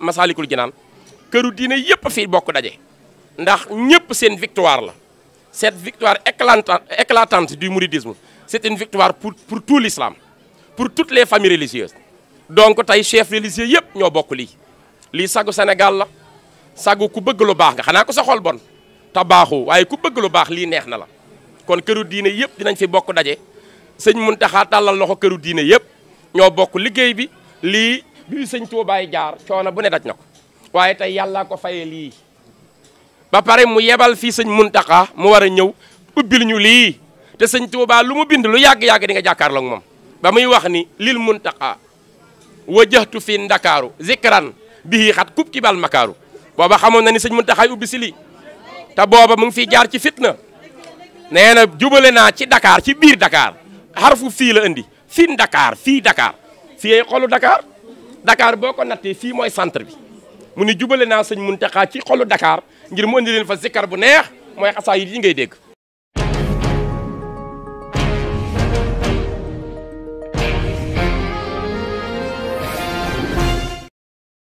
Masaalikul Jinaan këru diine yëpp a fi bokk daje ndax ñëpp seen victoire la set victoire éclatante éclatante du mouridisme c'est une victoire pour pour tout l'islam pour toutes les familles religieuses donc tey chef religieux yëpp ñoo bokku lii lii sagu Sénégal la sagu ku bëgg lu baax nga xanaa ko sa bon ta baaxu waaye ku bëgg lu baax lii neex na la kon këru diine yëpp dinañ fi bokk daje sëñ Muntaxa tàllal loxo këru diine yëpp ñoo bokk liggéey bi lii bi fi sëñ Tuubaay jaar coono bu ne daj na ko waaye tey yàllaa ko faye lii ba pare mu yebal fii sëñ Muntaxa mu war a ñëw ubbil ñu lii te sëñ Tuubaa lu mu bind lu yàgg-yàgg di nga jàkkaarloog moom ba muy wax ni lil Muntaxa wajjahtu fi ndakaaru zikran bihi xat kub kibal makaaru booba xamoon na ni sëñ Muntaxaay ubbi si lii te booba mu ngi fiy jaar ci fitna nee na jubale naa ci dakaar ci biir Dakar xarfu fii la indi fi Dakar fii Dakar fii xolu Dakar boo ko nattee fii mooy centre bi mu ni jubale naa sëñ Muntaxa ci xolu Dakar ngir mu indi leen fa zikkar bu neex mooy xasaa yi ngay dégg